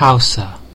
Hausa.